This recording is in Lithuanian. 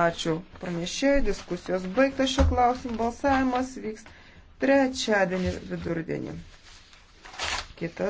Ačiū pranešėjai, diskusijos baigtas šio klausimu, balsavimas vyks trečiadienį vidurdienį. Kita